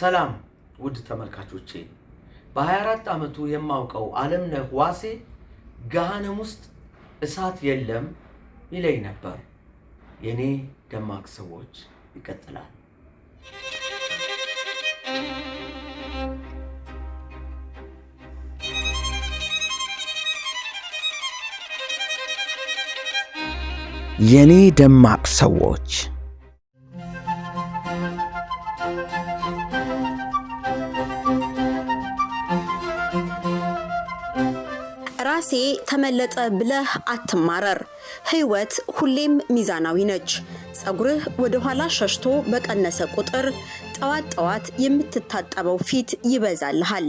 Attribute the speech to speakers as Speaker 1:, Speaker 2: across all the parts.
Speaker 1: ሰላም ውድ ተመልካቾቼ፣ በ24 ዓመቱ የማውቀው አለምነህ ዋሴ ገሃነም ውስጥ እሳት የለም ይለኝ ነበር። የኔ ደማቅ ሰዎች ይቀጥላል። የኔ ደማቅ ሰዎች
Speaker 2: ተመለጠ ብለህ አትማረር። ህይወት ሁሌም ሚዛናዊ ነች። ጸጉርህ ወደ ኋላ ሸሽቶ በቀነሰ ቁጥር ጠዋት ጠዋት የምትታጠበው ፊት ይበዛልሃል።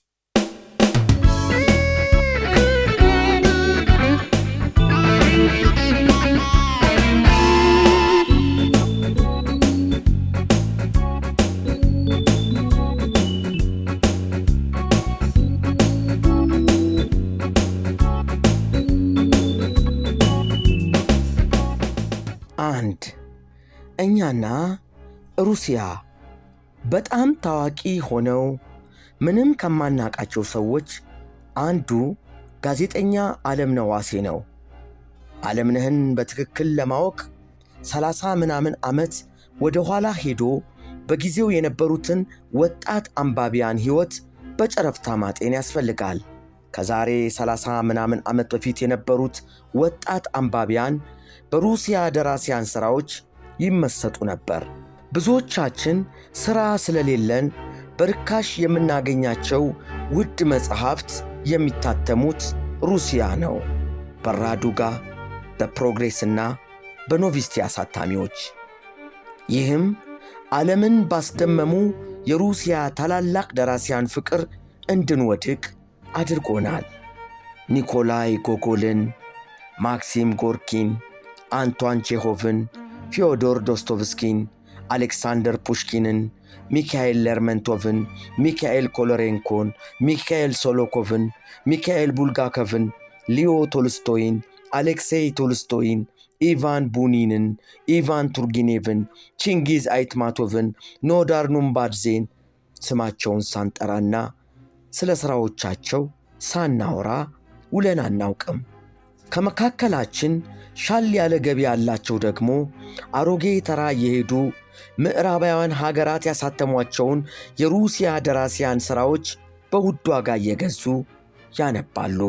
Speaker 1: ቻይናና ሩሲያ በጣም ታዋቂ ሆነው ምንም ከማናቃቸው ሰዎች አንዱ ጋዜጠኛ አለምነህ ዋሴ ነው። አለምነህን በትክክል ለማወቅ ሰላሳ ምናምን ዓመት ወደ ኋላ ሄዶ በጊዜው የነበሩትን ወጣት አንባቢያን ሕይወት በጨረፍታ ማጤን ያስፈልጋል። ከዛሬ ሰላሳ ምናምን ዓመት በፊት የነበሩት ወጣት አንባቢያን በሩሲያ ደራሲያን ሥራዎች ይመሰጡ ነበር። ብዙዎቻችን ሥራ ስለሌለን በርካሽ የምናገኛቸው ውድ መጽሐፍት የሚታተሙት ሩሲያ ነው። በራዱጋ በፕሮግሬስና በኖቪስቲ አሳታሚዎች። ይህም ዓለምን ባስደመሙ የሩሲያ ታላላቅ ደራሲያን ፍቅር እንድንወድቅ አድርጎናል። ኒኮላይ ጎጎልን፣ ማክሲም ጎርኪን፣ አንቷን ቼሆቭን ፊዮዶር ዶስቶቭስኪን፣ አሌክሳንደር ፑሽኪንን፣ ሚካኤል ሌርመንቶቭን፣ ሚካኤል ኮሎሬንኮን፣ ሚካኤል ሶሎኮቭን፣ ሚካኤል ቡልጋኮቭን፣ ሊዮ ቶልስቶይን፣ አሌክሴይ ቶልስቶይን፣ ኢቫን ቡኒንን፣ ኢቫን ቱርጊኔቭን፣ ቺንጊዝ አይትማቶቭን፣ ኖዳር ኑምባድዜን ስማቸውን ሳንጠራና ስለ ሥራዎቻቸው ሳናወራ ውለን አናውቅም። ከመካከላችን ሻል ያለ ገቢ ያላቸው ደግሞ አሮጌ ተራ እየሄዱ ምዕራባውያን ሀገራት ያሳተሟቸውን የሩሲያ ደራሲያን ሥራዎች በውድ ዋጋ እየገዙ ያነባሉ።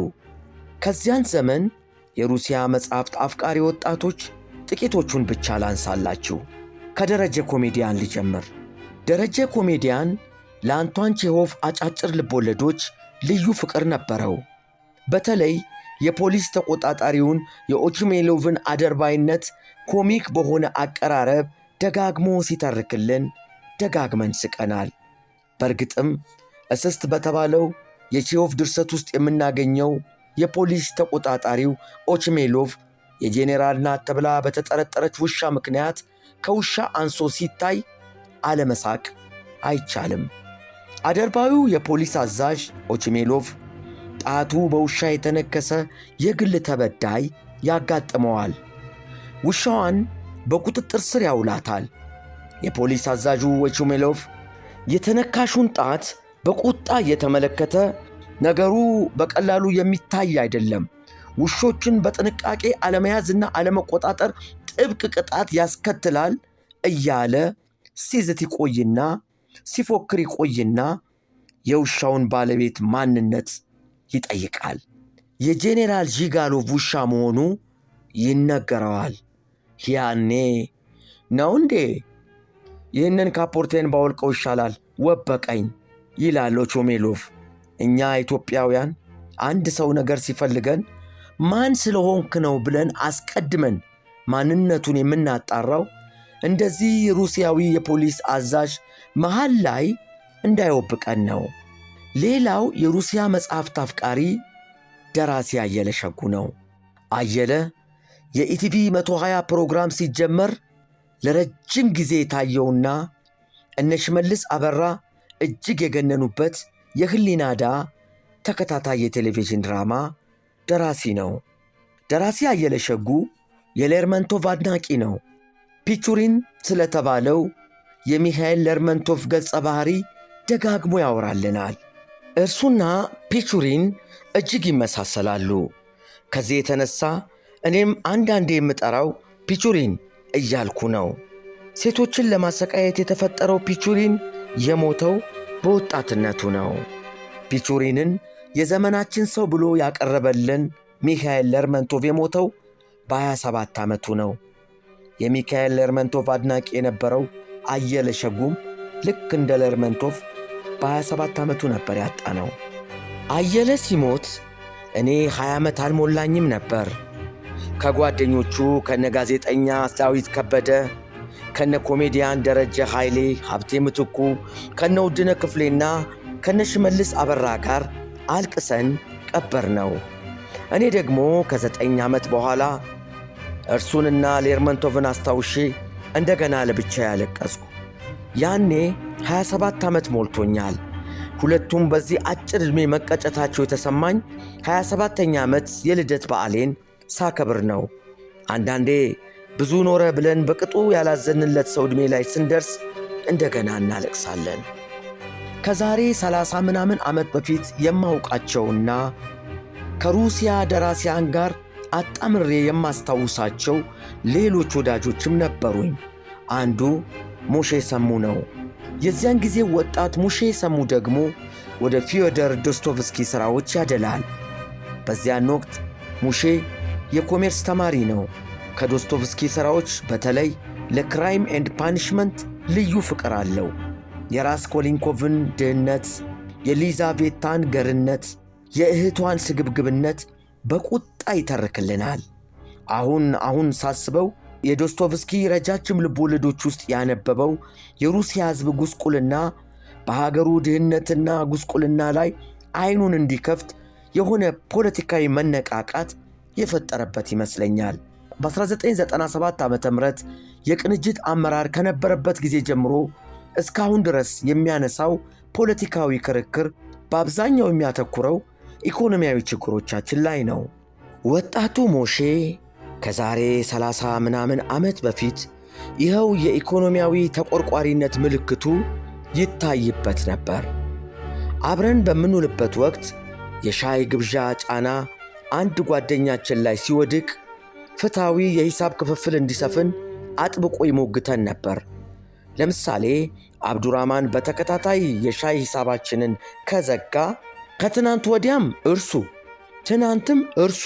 Speaker 1: ከዚያን ዘመን የሩሲያ መጽሐፍት አፍቃሪ ወጣቶች ጥቂቶቹን ብቻ ላንሳላችሁ። ከደረጀ ኮሜዲያን ልጀምር። ደረጀ ኮሜዲያን ለአንቷን ቼሆፍ አጫጭር ልቦለዶች ልዩ ፍቅር ነበረው። በተለይ የፖሊስ ተቆጣጣሪውን የኦቹሜሎቭን አደርባይነት ኮሚክ በሆነ አቀራረብ ደጋግሞ ሲተርክልን ደጋግመን ስቀናል። በእርግጥም እስስት በተባለው የቼሆቭ ድርሰት ውስጥ የምናገኘው የፖሊስ ተቆጣጣሪው ኦችሜሎቭ የጄኔራል ናት ተብላ በተጠረጠረች ውሻ ምክንያት ከውሻ አንሶ ሲታይ አለመሳቅ አይቻልም። አደርባዩ የፖሊስ አዛዥ ኦችሜሎቭ ጣቱ በውሻ የተነከሰ የግል ተበዳይ ያጋጥመዋል። ውሻዋን በቁጥጥር ስር ያውላታል። የፖሊስ አዛዡ ወቹሜሎቭ የተነካሹን ጣት በቁጣ እየተመለከተ ነገሩ በቀላሉ የሚታይ አይደለም፣ ውሾችን በጥንቃቄ አለመያዝና አለመቆጣጠር ጥብቅ ቅጣት ያስከትላል እያለ ሲዝት ይቆይና ሲፎክር ይቆይና የውሻውን ባለቤት ማንነት ይጠይቃል። የጄኔራል ዢጋሎቭ ውሻ መሆኑ ይነገረዋል። ያኔ ነው እንዴ ይህንን ካፖርቴን ባወልቀው ይሻላል ወበቀኝ ይላል ቾሜሎቭ። እኛ ኢትዮጵያውያን አንድ ሰው ነገር ሲፈልገን ማን ስለሆንክ ነው ብለን አስቀድመን ማንነቱን የምናጣራው እንደዚህ ሩሲያዊ የፖሊስ አዛዥ መሃል ላይ እንዳይወብቀን ነው። ሌላው የሩሲያ መጽሐፍት አፍቃሪ ደራሲ አየለ ሸጉ ነው። አየለ የኢቲቪ 120 ፕሮግራም ሲጀመር ለረጅም ጊዜ የታየውና እነ ሽመልስ አበራ እጅግ የገነኑበት የህሊና ተከታታይ የቴሌቪዥን ድራማ ደራሲ ነው። ደራሲ አየለ ሸጉ የሌርመንቶቭ አድናቂ ነው። ፒቹሪን ስለተባለው የሚካኤል ሌርመንቶቭ ገጸ ባህሪ ደጋግሞ ያወራልናል። እርሱና ፒቹሪን እጅግ ይመሳሰላሉ። ከዚህ የተነሳ እኔም አንዳንዴ የምጠራው ፒቹሪን እያልኩ ነው። ሴቶችን ለማሰቃየት የተፈጠረው ፒቹሪን የሞተው በወጣትነቱ ነው። ፒቹሪንን የዘመናችን ሰው ብሎ ያቀረበልን ሚካኤል ለርመንቶቭ የሞተው በ27 ዓመቱ ነው። የሚካኤል ለርመንቶቭ አድናቂ የነበረው አየለ ሸጉም ልክ እንደ ለርመንቶቭ በ27 ዓመቱ ነበር ያጣ ነው። አየለ ሲሞት እኔ 20 ዓመት አልሞላኝም ነበር። ከጓደኞቹ ከነ ጋዜጠኛ ዳዊት ከበደ፣ ከነ ኮሜዲያን ደረጀ ኃይሌ፣ ሀብቴ ምትኩ፣ ከነ ውድነ ክፍሌና ከነ ሽመልስ አበራ ጋር አልቅሰን ቀበር ነው። እኔ ደግሞ ከዘጠኝ ዓመት በኋላ እርሱንና ሌርመንቶቭን አስታውሼ እንደገና ለብቻ ያለቀስኩ። ያኔ 27 ዓመት ሞልቶኛል። ሁለቱም በዚህ አጭር ዕድሜ መቀጨታቸው የተሰማኝ 27 ኛ ዓመት የልደት በዓሌን ሳከብር ነው። አንዳንዴ ብዙ ኖረ ብለን በቅጡ ያላዘንለት ሰው ዕድሜ ላይ ስንደርስ እንደገና እናለቅሳለን። ከዛሬ 30 ምናምን ዓመት በፊት የማውቃቸውና ከሩሲያ ደራሲያን ጋር አጣምሬ የማስታውሳቸው ሌሎች ወዳጆችም ነበሩኝ። አንዱ ሞሼ ሰሙ ነው። የዚያን ጊዜ ወጣት ሙሼ ሰሙ ደግሞ ወደ ፊዮደር ዶስቶቭስኪ ሥራዎች ያደላል። በዚያን ወቅት ሙሼ የኮሜርስ ተማሪ ነው። ከዶስቶቭስኪ ሥራዎች በተለይ ለክራይም ኤንድ ፓኒሽመንት ልዩ ፍቅር አለው። የራስ ኮሊንኮቭን ድህነት፣ የሊዛቤታን ገርነት፣ የእህቷን ስግብግብነት በቁጣ ይተርክልናል። አሁን አሁን ሳስበው የዶስቶቭስኪ ረጃጅም ልቦለዶች ውስጥ ያነበበው የሩሲያ ሕዝብ ጉስቁልና በሀገሩ ድህነትና ጉስቁልና ላይ አይኑን እንዲከፍት የሆነ ፖለቲካዊ መነቃቃት የፈጠረበት ይመስለኛል። በ1997 ዓ ም የቅንጅት አመራር ከነበረበት ጊዜ ጀምሮ እስካሁን ድረስ የሚያነሳው ፖለቲካዊ ክርክር በአብዛኛው የሚያተኩረው ኢኮኖሚያዊ ችግሮቻችን ላይ ነው። ወጣቱ ሞሼ ከዛሬ ሰላሳ ምናምን ዓመት በፊት ይኸው የኢኮኖሚያዊ ተቆርቋሪነት ምልክቱ ይታይበት ነበር። አብረን በምንውልበት ወቅት የሻይ ግብዣ ጫና አንድ ጓደኛችን ላይ ሲወድቅ ፍትሐዊ የሂሳብ ክፍፍል እንዲሰፍን አጥብቆ ይሞግተን ነበር። ለምሳሌ አብዱራማን በተከታታይ የሻይ ሂሳባችንን ከዘጋ ከትናንት ወዲያም እርሱ ትናንትም እርሱ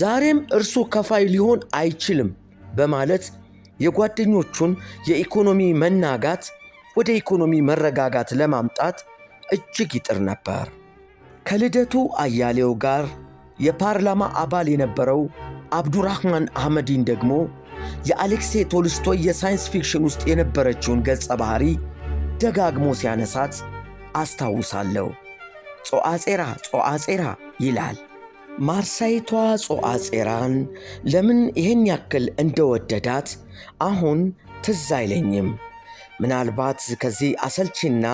Speaker 1: ዛሬም እርሱ ከፋይ ሊሆን አይችልም በማለት የጓደኞቹን የኢኮኖሚ መናጋት ወደ ኢኮኖሚ መረጋጋት ለማምጣት እጅግ ይጥር ነበር። ከልደቱ አያሌው ጋር የፓርላማ አባል የነበረው አብዱራህማን አህመዲን ደግሞ የአሌክሴ ቶልስቶይ የሳይንስ ፊክሽን ውስጥ የነበረችውን ገጸ ባህሪ ደጋግሞ ሲያነሳት አስታውሳለሁ። ጾአጼራ ጾአጼራ ይላል። ማርሳይቷ ጾአጼራን ለምን ይህን ያክል እንደወደዳት አሁን ትዝ አይለኝም። ምናልባት ከዚህ አሰልቺና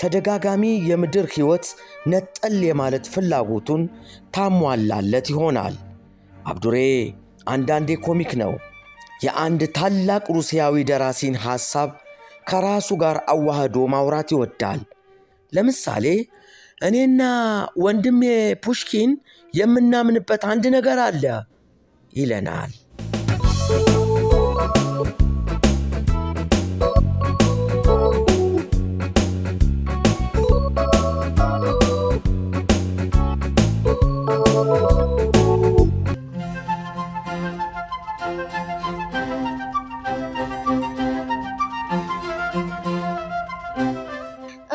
Speaker 1: ተደጋጋሚ የምድር ሕይወት ነጠል የማለት ፍላጎቱን ታሟላለት ይሆናል። አብዱሬ አንዳንዴ ኮሚክ ነው። የአንድ ታላቅ ሩሲያዊ ደራሲን ሐሳብ ከራሱ ጋር አዋህዶ ማውራት ይወዳል። ለምሳሌ እኔና ወንድሜ ፑሽኪን የምናምንበት አንድ ነገር አለ ይለናል።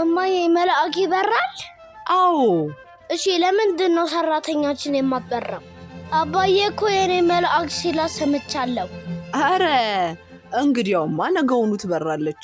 Speaker 3: እማዬ መልአክ ይበራል። አዎ። እሺ ለምንድን ነው ሰራተኛችን የማበራው? አባዬ እኮ የኔ መልአክ ሲላ ሰምቻለሁ።
Speaker 4: አረ እንግዲያውማ ነገውኑ ትበራለች።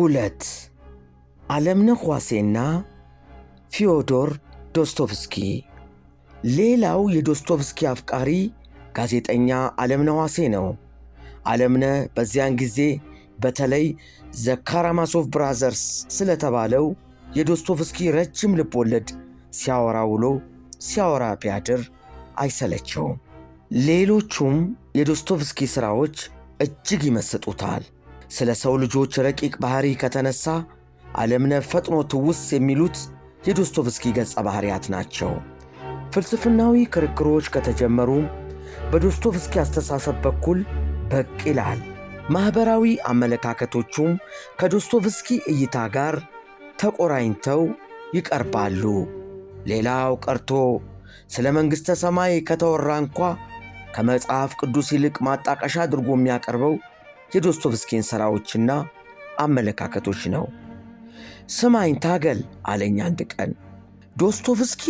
Speaker 1: ሁለት ዓለምነህ ዋሴና ፊዮዶር ዶስቶቭስኪ። ሌላው የዶስቶቭስኪ አፍቃሪ ጋዜጠኛ ዓለምነህ ዋሴ ነው። ዓለምነህ በዚያን ጊዜ በተለይ ዘ ካራማሶቭ ብራዘርስ ስለተባለው የዶስቶቭስኪ ረጅም ወለድ ሲያወራ ውሎ ሲያወራ ቢያድር አይሰለቸውም። ሌሎቹም የዶስቶቭስኪ ሥራዎች እጅግ ይመስጡታል። ስለ ሰው ልጆች ረቂቅ ባሕሪ ከተነሳ ዓለምነ ፈጥኖ ትውስ የሚሉት የዶስቶቭስኪ ገጸ ባሕርያት ናቸው። ፍልስፍናዊ ክርክሮች ከተጀመሩ በዶስቶቭስኪ አስተሳሰብ በኩል በቅ ይላል። ማኅበራዊ አመለካከቶቹም ከዶስቶቭስኪ እይታ ጋር ተቆራኝተው ይቀርባሉ። ሌላው ቀርቶ ስለ መንግሥተ ሰማይ ከተወራ እንኳ ከመጽሐፍ ቅዱስ ይልቅ ማጣቀሻ አድርጎ የሚያቀርበው የዶስቶቭስኪን ሥራዎችና አመለካከቶች ነው። ስማኝ ታገል አለኝ አንድ ቀን። ዶስቶቭስኪ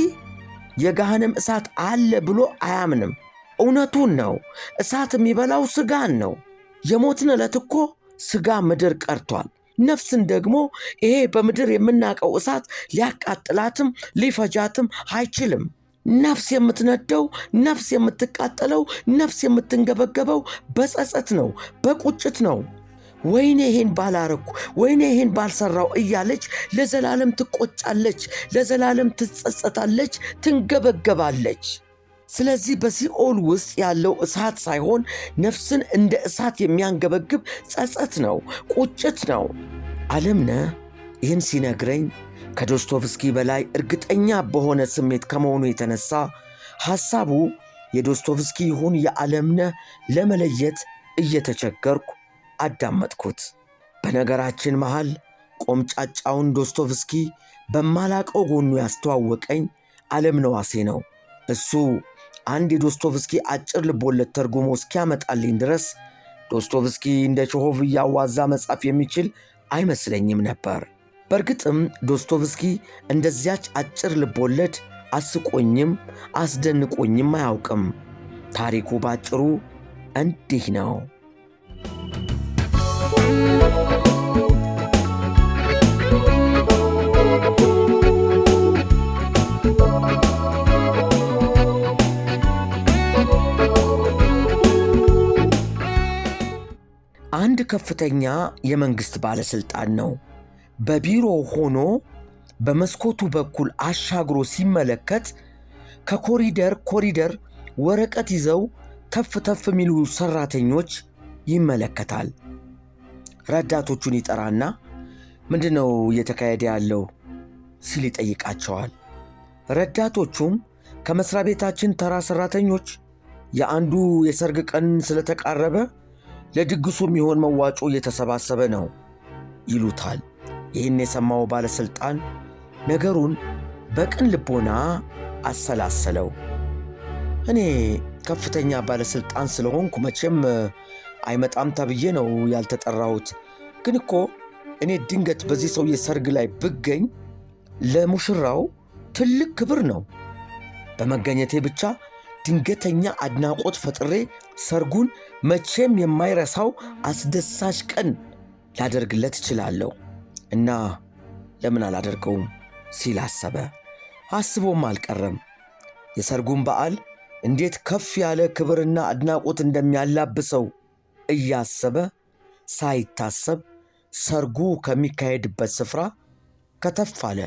Speaker 1: የገሃነም እሳት አለ ብሎ አያምንም። እውነቱን ነው። እሳት የሚበላው ሥጋን ነው። የሞትን ዕለት እኮ ሥጋ ምድር ቀርቷል። ነፍስን ደግሞ ይሄ በምድር የምናውቀው እሳት ሊያቃጥላትም ሊፈጃትም አይችልም። ነፍስ የምትነደው ነፍስ የምትቃጠለው ነፍስ የምትንገበገበው በጸጸት ነው፣ በቁጭት ነው። ወይኔ ይሄን ባላረኩ፣ ወይኔ ይሄን ባልሰራው እያለች ለዘላለም ትቆጫለች፣ ለዘላለም ትጸጸታለች፣ ትንገበገባለች። ስለዚህ በሲኦል ውስጥ ያለው እሳት ሳይሆን ነፍስን እንደ እሳት የሚያንገበግብ ጸጸት ነው፣ ቁጭት ነው። አለምነ ይህን ሲነግረኝ ከዶስቶቭስኪ በላይ እርግጠኛ በሆነ ስሜት ከመሆኑ የተነሳ ሐሳቡ የዶስቶቭስኪ ይሁን የዓለምነህ ለመለየት እየተቸገርኩ አዳመጥኩት። በነገራችን መሃል ቆምጫጫውን ዶስቶቭስኪ በማላቀው ጎኑ ያስተዋወቀኝ ዓለምነህ ዋሴ ነው። እሱ አንድ የዶስቶቭስኪ አጭር ልቦለት ተርጉሞ እስኪያመጣልኝ ድረስ ዶስቶቭስኪ እንደ ቼሆቭ እያዋዛ መጻፍ የሚችል አይመስለኝም ነበር። በእርግጥም ዶስቶቭስኪ እንደዚያች አጭር ልቦለድ አስቆኝም አስደንቆኝም አያውቅም። ታሪኩ ባጭሩ እንዲህ ነው። አንድ ከፍተኛ የመንግሥት ባለሥልጣን ነው። በቢሮ ሆኖ በመስኮቱ በኩል አሻግሮ ሲመለከት ከኮሪደር ኮሪደር ወረቀት ይዘው ተፍ ተፍ የሚሉ ሰራተኞች ይመለከታል። ረዳቶቹን ይጠራና ምንድን ነው እየተካሄደ ያለው ሲል ይጠይቃቸዋል። ረዳቶቹም ከመስሪያ ቤታችን ተራ ሰራተኞች የአንዱ የሰርግ ቀን ስለተቃረበ ለድግሱ የሚሆን መዋጮ እየተሰባሰበ ነው ይሉታል። ይህን የሰማው ባለሥልጣን ነገሩን በቅን ልቦና አሰላሰለው። እኔ ከፍተኛ ባለሥልጣን ስለሆንኩ መቼም አይመጣም ተብዬ ነው ያልተጠራሁት። ግን እኮ እኔ ድንገት በዚህ ሰው ሰርግ ላይ ብገኝ ለሙሽራው ትልቅ ክብር ነው። በመገኘቴ ብቻ ድንገተኛ አድናቆት ፈጥሬ ሰርጉን መቼም የማይረሳው አስደሳች ቀን ላደርግለት እችላለሁ። እና ለምን አላደርገውም ሲል አሰበ። አስቦም አልቀረም። የሰርጉን በዓል እንዴት ከፍ ያለ ክብርና አድናቆት እንደሚያላብሰው እያሰበ ሳይታሰብ ሰርጉ ከሚካሄድበት ስፍራ ከተፍ አለ።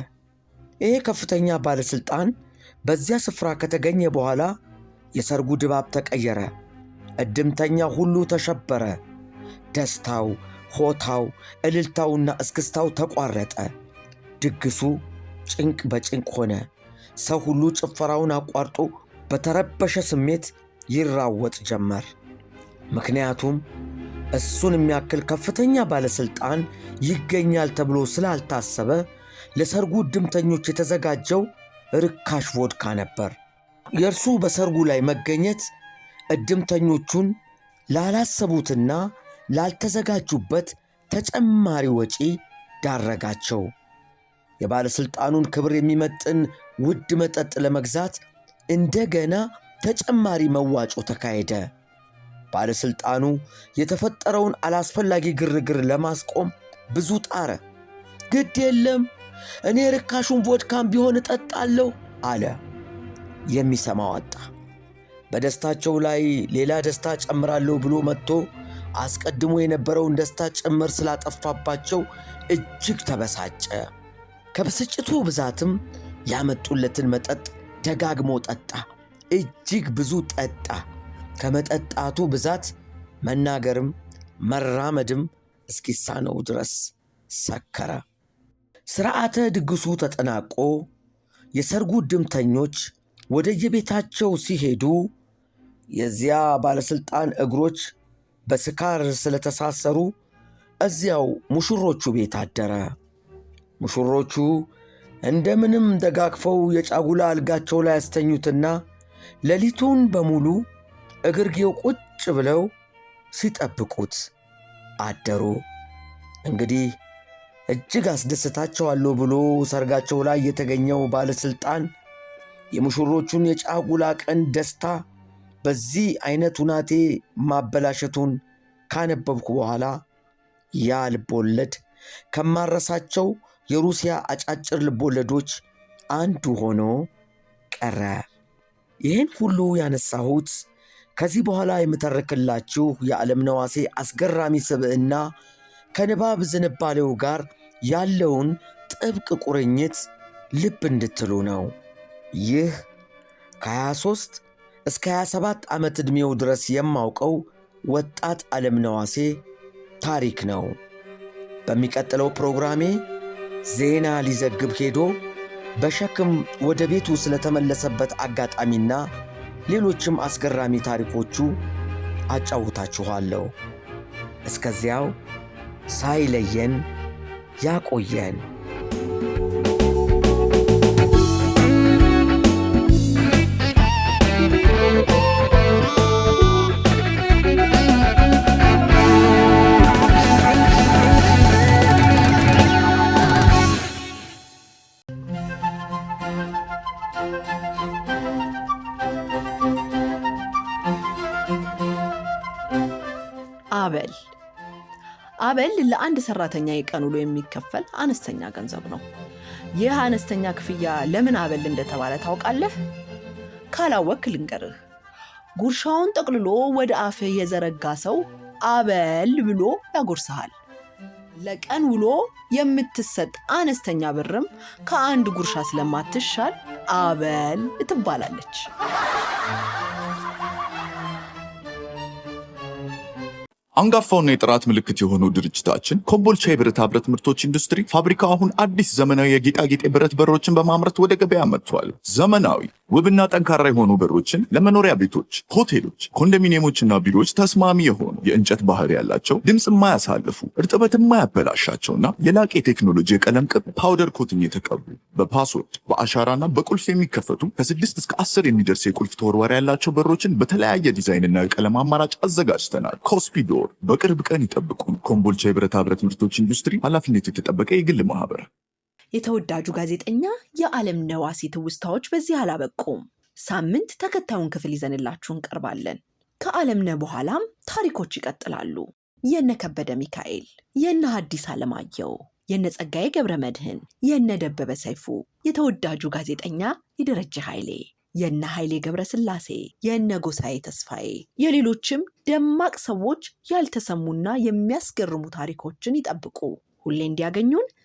Speaker 1: ይሄ ከፍተኛ ባለሥልጣን በዚያ ስፍራ ከተገኘ በኋላ የሰርጉ ድባብ ተቀየረ። እድምተኛ ሁሉ ተሸበረ። ደስታው ሆታው እልልታውና እስክስታው ተቋረጠ። ድግሱ ጭንቅ በጭንቅ ሆነ። ሰው ሁሉ ጭፈራውን አቋርጦ በተረበሸ ስሜት ይራወጥ ጀመር። ምክንያቱም እሱን የሚያክል ከፍተኛ ባለሥልጣን ይገኛል ተብሎ ስላልታሰበ ለሰርጉ ዕድምተኞች የተዘጋጀው ርካሽ ቮድካ ነበር። የእርሱ በሰርጉ ላይ መገኘት ዕድምተኞቹን ላላሰቡትና ላልተዘጋጁበት ተጨማሪ ወጪ ዳረጋቸው። የባለሥልጣኑን ክብር የሚመጥን ውድ መጠጥ ለመግዛት እንደገና ተጨማሪ መዋጮ ተካሄደ። ባለሥልጣኑ የተፈጠረውን አላስፈላጊ ግርግር ለማስቆም ብዙ ጣረ። ግድ የለም እኔ ርካሹን ቮድካም ቢሆን እጠጣለሁ አለ። የሚሰማው አጣ። በደስታቸው ላይ ሌላ ደስታ ጨምራለሁ ብሎ መጥቶ አስቀድሞ የነበረውን ደስታ ጭምር ስላጠፋባቸው እጅግ ተበሳጨ። ከብስጭቱ ብዛትም ያመጡለትን መጠጥ ደጋግሞ ጠጣ። እጅግ ብዙ ጠጣ። ከመጠጣቱ ብዛት መናገርም መራመድም እስኪሳነው ድረስ ሰከረ። ስርዓተ ድግሱ ተጠናቆ የሰርጉ ድምተኞች ወደየቤታቸው ሲሄዱ የዚያ ባለሥልጣን እግሮች በስካር ስለተሳሰሩ እዚያው ሙሽሮቹ ቤት አደረ። ሙሽሮቹ እንደምንም ደጋግፈው የጫጉላ አልጋቸው ላይ ያስተኙትና ሌሊቱን በሙሉ እግርጌው ቁጭ ብለው ሲጠብቁት አደሩ። እንግዲህ እጅግ አስደስታቸዋለሁ ብሎ ሰርጋቸው ላይ የተገኘው ባለሥልጣን የሙሽሮቹን የጫጉላ ቀን ደስታ በዚህ አይነት ሁናቴ ማበላሸቱን ካነበብኩ በኋላ ያ ልቦለድ ከማረሳቸው የሩሲያ አጫጭር ልቦለዶች አንዱ ሆኖ ቀረ። ይህን ሁሉ ያነሳሁት ከዚህ በኋላ የምተርክላችሁ የዓለም ነዋሴ አስገራሚ ስብዕና ከንባብ ዝንባሌው ጋር ያለውን ጥብቅ ቁርኝት ልብ እንድትሉ ነው። ይህ ከ23 እስከ 27 ዓመት ዕድሜው ድረስ የማውቀው ወጣት ዓለም ነዋሴ ታሪክ ነው። በሚቀጥለው ፕሮግራሜ ዜና ሊዘግብ ሄዶ በሸክም ወደ ቤቱ ስለተመለሰበት አጋጣሚና ሌሎችም አስገራሚ ታሪኮቹ አጫውታችኋለሁ። እስከዚያው ሳይለየን ያቆየን።
Speaker 5: አበል ለአንድ ሰራተኛ የቀን ውሎ የሚከፈል አነስተኛ ገንዘብ ነው። ይህ አነስተኛ ክፍያ ለምን አበል እንደተባለ ታውቃለህ? ካላወቅ ልንገርህ። ጉርሻውን ጠቅልሎ ወደ አፍህ የዘረጋ ሰው አበል ብሎ ያጎርስሃል። ለቀን ውሎ የምትሰጥ አነስተኛ ብርም ከአንድ ጉርሻ ስለማትሻል አበል ትባላለች።
Speaker 6: አንጋፋውና የጥራት ምልክት የሆነው ድርጅታችን ኮምቦልቻ የብረታ ብረት ምርቶች ኢንዱስትሪ ፋብሪካ አሁን አዲስ ዘመናዊ የጌጣጌጥ የብረት በሮችን በማምረት ወደ ገበያ መጥቷል። ዘመናዊ ውብና ጠንካራ የሆኑ በሮችን ለመኖሪያ ቤቶች፣ ሆቴሎች፣ ኮንዶሚኒየሞችና ቢሮዎች ተስማሚ የሆኑ የእንጨት ባህር ያላቸው ድምፅ የማያሳልፉ እርጥበት የማያበላሻቸውና የላቅ የቴክኖሎጂ የቀለም ቅብ ፓውደር ኮትን የተቀቡ በፓስወርድ በአሻራና በቁልፍ የሚከፈቱ ከስድስት እስከ አስር የሚደርስ የቁልፍ ተወርዋር ያላቸው በሮችን በተለያየ ዲዛይንና የቀለም አማራጭ አዘጋጅተናል። ኮስፒዶር በቅርብ ቀን ይጠብቁ። ኮምቦልቻ የብረታ ብረት ምርቶች ኢንዱስትሪ ኃላፊነት የተጠበቀ የግል ማህበር
Speaker 7: የተወዳጁ ጋዜጠኛ የዓለም ነዋሴ ትውስታዎች በዚህ አላበቁም። ሳምንት ተከታዩን ክፍል ይዘንላችሁ እንቀርባለን። ከዓለም ነ በኋላም ታሪኮች ይቀጥላሉ። የነ ከበደ ሚካኤል፣ የነ ሐዲስ ዓለማየሁ፣ የነ ጸጋዬ ገብረ መድህን የነ ደበበ ሰይፉ፣ የተወዳጁ ጋዜጠኛ የደረጀ ኃይሌ የነ ኃይሌ ገብረ ስላሴ፣ የነ ጎሳዬ ተስፋዬ የሌሎችም ደማቅ ሰዎች ያልተሰሙና የሚያስገርሙ ታሪኮችን ይጠብቁ። ሁሌ እንዲያገኙን